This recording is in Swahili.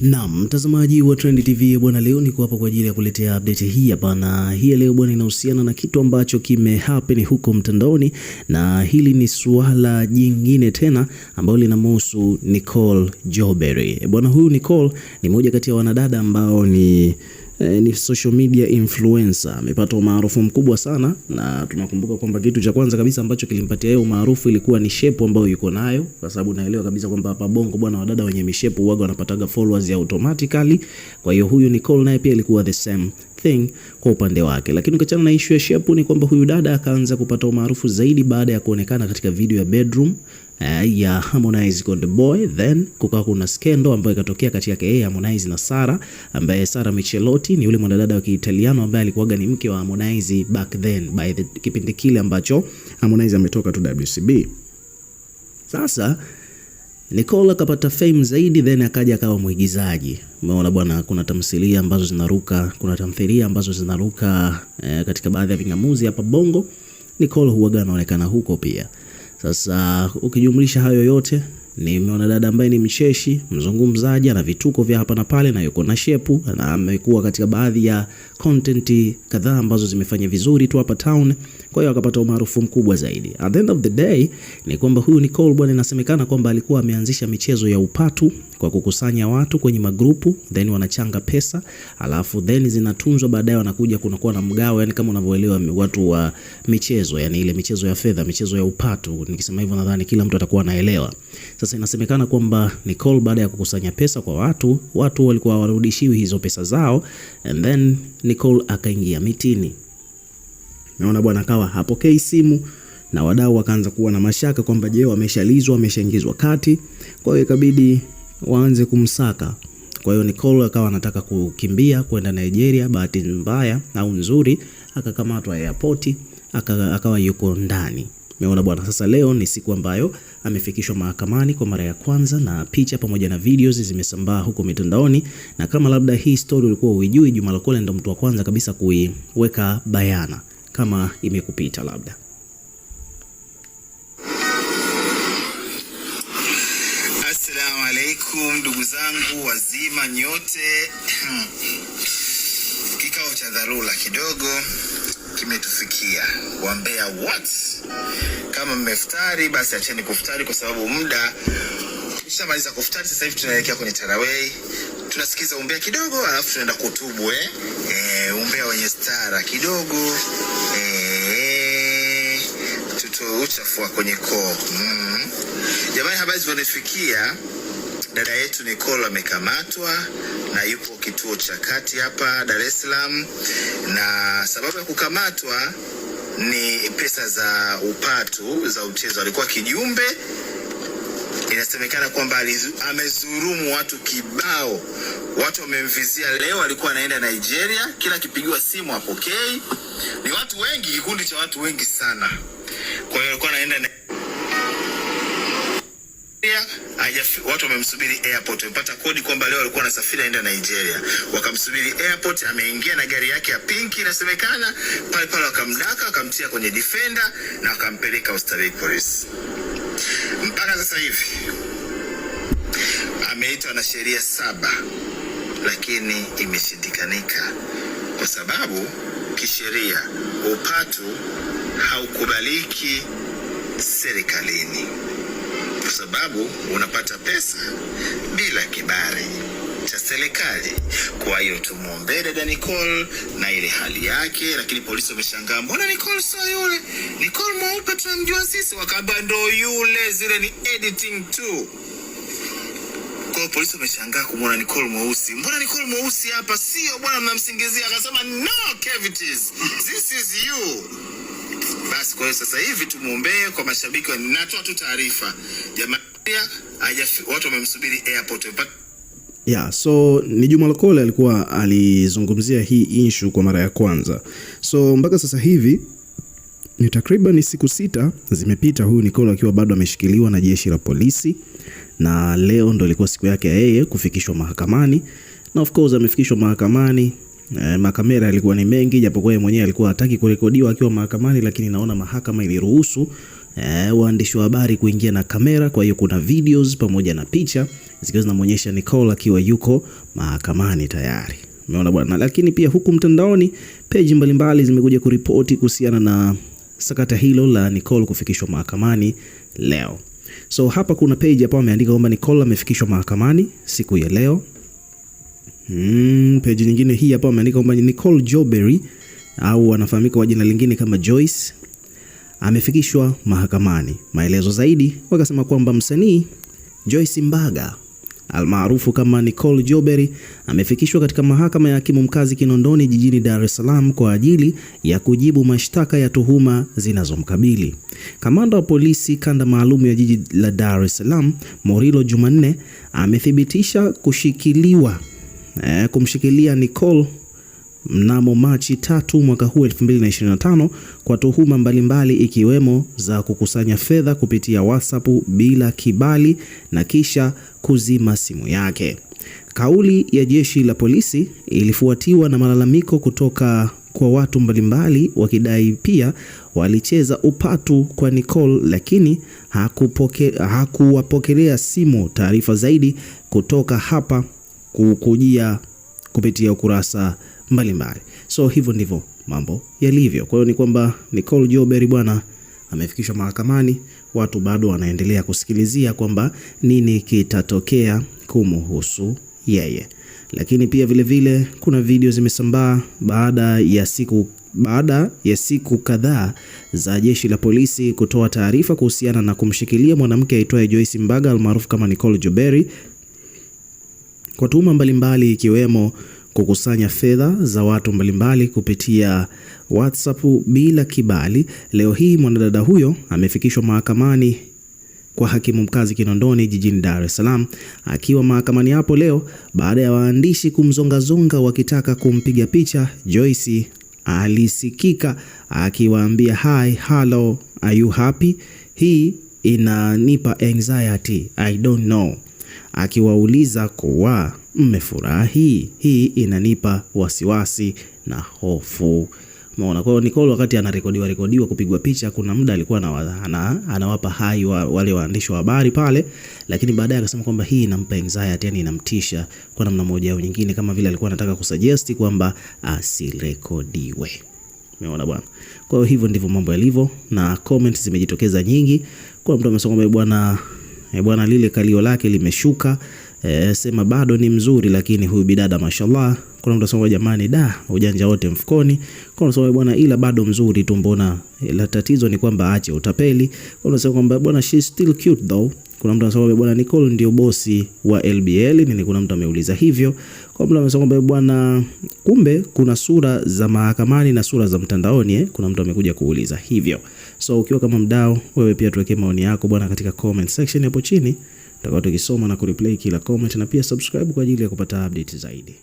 Naam, mtazamaji wa Trend TV bwana, leo niko hapa kwa ajili ya kuletea update hii hapa, na hii leo bwana, inahusiana na kitu ambacho kime happen huko mtandaoni, na hili ni suala jingine tena ambalo linamhusu Nicole Jobery bwana. Huyu Nicole ni moja kati ya wanadada ambao ni e, ni social media influencer amepata umaarufu mkubwa sana, na tunakumbuka kwamba kitu cha kwanza kabisa ambacho kilimpatia yeye umaarufu ilikuwa ni shepo ambayo yuko nayo, kwa sababu naelewa kabisa kwamba hapa Bongo bwana, wadada wenye mishepu huaga wanapataga followers ya automatically. Kwa hiyo huyu Nicole naye pia ilikuwa the same thing kwa upande wake. Lakini ukiachana na issue ya shepu, ni kwamba huyu dada akaanza kupata umaarufu zaidi baada ya kuonekana katika video ya bedroom Uh, ya Harmonize Konde Boy, then kukawa kuna skendo ambayo ikatokea kati yake yeye Harmonize na Sara, ambaye Sara Michelotti ni yule mwanadada wa Kiitaliano ambaye alikuwaga ni mke wa Harmonize back then by the kipindi kile ambacho Harmonize ametoka tu WCB. Sasa Nicole akapata fame zaidi then akaja akawa mwigizaji. Umeona bwana, kuna tamthilia ambazo zinaruka, kuna tamthilia ambazo zinaruka eh, katika baadhi ya vingamuzi hapa Bongo. Nicole huwaga anaonekana huko pia. Sasa ukijumlisha hayo yote nimeona dada ambaye ni mcheshi, mzungumzaji, ana vituko vya hapa na pale na yuko na shepu, na amekuwa katika baadhi ya content kadhaa ambazo zimefanya vizuri tu hapa town, kwa hiyo akapata umaarufu mkubwa zaidi. At the end of the day ni kwamba huyu Nicole bwana, inasemekana kwamba alikuwa ameanzisha michezo ya upatu kwa kukusanya watu kwenye magrupu then wanachanga pesa alafu then zinatunzwa baadaye, wanakuja kunakuwa na mgao, yani kama unavyoelewa watu wa michezo, yani ile michezo ya fedha, michezo ya upatu. Nikisema hivyo, nadhani kila mtu atakuwa anaelewa. Sasa inasemekana kwamba Nicole baada ya kukusanya pesa kwa watu, watu walikuwa warudishiwi hizo pesa zao, and then Nicole akaingia mitini. Naona bwana akawa hapokei simu na wadau wakaanza kuwa na mashaka kwamba je, wameshalizwa wameshaingizwa kati? Kwa hiyo ikabidi waanze kumsaka. Kwa hiyo Nicole akawa anataka kukimbia kwenda Nigeria, bahati mbaya au nzuri akakamatwa airport, akawa yuko ndani. Umeona bwana, sasa leo ni siku ambayo amefikishwa mahakamani kwa mara ya kwanza, na picha pamoja na videos zimesambaa huko mitandaoni. Na kama labda hii story ulikuwa uijui, Juma Lokole ndo mtu wa kwanza kabisa kuiweka bayana, kama imekupita labda. alaikum ndugu zangu wazima nyote. Hmm. Kikao cha dharura kidogo kimetufikia wambea what. Kama mmeftari basi acheni kufutari kwa sababu muda tushamaliza kufutari. Sasa hivi tunaelekea kwenye tarawei, tunasikiza umbea kidogo, alafu tunaenda kutubu eh? E, umbea wenye stara kidogo e, tutoe uchafu kwenye koo mm. Jamani, habari zilizofikia Dada yetu Nicole amekamatwa na yupo kituo cha kati hapa Dar es Salaam, na sababu ya kukamatwa ni pesa za upatu za uchezo. Alikuwa kijumbe, inasemekana kwamba amezurumu watu kibao, watu wamemvizia. Leo alikuwa anaenda Nigeria, kila akipigiwa simu apokei. Ni watu wengi, kikundi cha watu wengi sana, kwa hiyo alikuwa anaenda watu wamemsubiri airport, wamepata kodi kwamba leo alikuwa anasafiri aenda Nigeria, wakamsubiri airport, ameingia na gari yake ya pinki inasemekana, pale pale wakamdaka, wakamtia kwenye defender na wakampeleka Oysterbay police. Mpaka sasa hivi ameitwa na sheria saba, lakini imeshindikanika kwa sababu kisheria upatu haukubaliki serikalini kwa sababu unapata pesa bila kibali cha serikali. Kwa hiyo tumwombee dada Nicole na ile hali yake, lakini polisi wameshangaa, mbona Nicole sio yule Nicole mweupe tunamjua sisi, wakaba ndo yule, zile ni editing tu. Kwa hiyo polisi wameshangaa kumwona Nicole mweusi, mbona Nicole mweusi hapa sio bwana, mnamsingizia. Akasema no cavities, this is you basi kwa hiyo sasa hivi tumwombee kwa mashabiki wa, natoa tu taarifa watu wamemsubiri airport Yeah, so ni Juma Lokole alikuwa alizungumzia hii inshu kwa mara ya kwanza. So mpaka sasa hivi ni takriban siku sita zimepita, huyu Nicole akiwa bado ameshikiliwa na jeshi la polisi, na leo ndo ilikuwa siku yake yeye kufikishwa mahakamani, na of course amefikishwa mahakamani eh, makamera yalikuwa ni mengi, japokuwa yeye mwenyewe alikuwa hataki kurekodiwa akiwa mahakamani, lakini naona mahakama iliruhusu eh, waandishi wa habari kuingia na kamera. Kwa hiyo kuna videos pamoja na picha zikiwa zinamuonyesha Nicole akiwa yuko mahakamani tayari. Umeona bwana, lakini pia huku mtandaoni page mbalimbali zimekuja kuripoti kuhusiana na sakata hilo la Nicole kufikishwa mahakamani leo. So hapa kuna page hapa wameandika kwamba Nicole amefikishwa mahakamani siku ya leo Mm, peji nyingine hii hapa wameandika kwamba Nicole Jobery au anafahamika kwa jina lingine kama Joyce amefikishwa mahakamani. Maelezo zaidi wakasema kwamba msanii Joyce Mbaga almaarufu kama Nicole Jobery amefikishwa katika mahakama ya hakimu mkazi Kinondoni jijini Dar es Salaam kwa ajili ya kujibu mashtaka ya tuhuma zinazomkabili. Kamanda wa polisi kanda maalum ya jiji la Dar es Salaam Morilo Jumanne amethibitisha kushikiliwa eh, kumshikilia Nicole mnamo Machi tatu mwaka huu 2025 kwa tuhuma mbalimbali ikiwemo za kukusanya fedha kupitia WhatsApp bila kibali na kisha kuzima simu yake. Kauli ya jeshi la polisi ilifuatiwa na malalamiko kutoka kwa watu mbalimbali wakidai pia walicheza upatu kwa Nicole, lakini hakuwapokelea simu. Taarifa zaidi kutoka hapa kukujia kupitia ukurasa mbalimbali. So hivyo ndivyo mambo yalivyo. Kwa hiyo ni kwamba Nicole Jobber bwana amefikishwa mahakamani, watu bado wanaendelea kusikilizia kwamba nini kitatokea kumuhusu yeye. Lakini pia vilevile vile, kuna video zimesambaa baada ya siku baada ya siku kadhaa za jeshi la polisi kutoa taarifa kuhusiana na kumshikilia mwanamke aitwaye Joyce Mbaga almaarufu kama Nicole Jobber kwa tuhuma mbalimbali ikiwemo kukusanya fedha za watu mbalimbali kupitia WhatsApp bila kibali. Leo hii mwanadada huyo amefikishwa mahakamani kwa hakimu mkazi Kinondoni jijini Dar es Salaam akiwa mahakamani hapo leo baada ya waandishi kumzongazonga wakitaka kumpiga picha. Joyce alisikika akiwaambia hi hello are you happy, hii inanipa anxiety I don't know akiwauliza kuwa mmefurahi. Hii inanipa wasiwasi na hofu. Maona kwa Nicole wakati anarekodiwa rekodiwa kupigwa picha, kuna muda alikuwa anawapa hai wa, wale waandishi wa habari pale, lakini baadaye akasema kwamba hii inampa anxiety, yani inamtisha kwa namna moja au nyingine, kama vile alikuwa anataka kusuggest kwamba asirekodiwe. Umeona bwana. Kwa hiyo hivyo ndivyo mambo yalivyo, na comments zimejitokeza nyingi. Kuna mtu amesema kwamba bwana e bwana, lile kalio lake limeshuka e, sema bado ni mzuri, lakini huyu bidada mashallah. Kuna mtu asema jamani, da ujanja wote mfukoni. Kuna mtu anasema bwana, ila bado mzuri tu, mbona eh, la tatizo ni kwamba aache utapeli. Kuna mtu anasema kwamba bwana, she still cute though kuna mtu anasema bwana Nicole ndio bosi wa LBL nini. Kuna mtu ameuliza hivyo. Kwa mtu anasema kwamba bwana, kumbe kuna sura za mahakamani na sura za mtandaoni eh? Kuna mtu amekuja kuuliza hivyo. So ukiwa kama mdau wewe pia tuwekee maoni yako bwana katika comment section hapo chini, tutakuwa tukisoma na kureplay kila comment, na pia subscribe kwa ajili ya kupata update zaidi.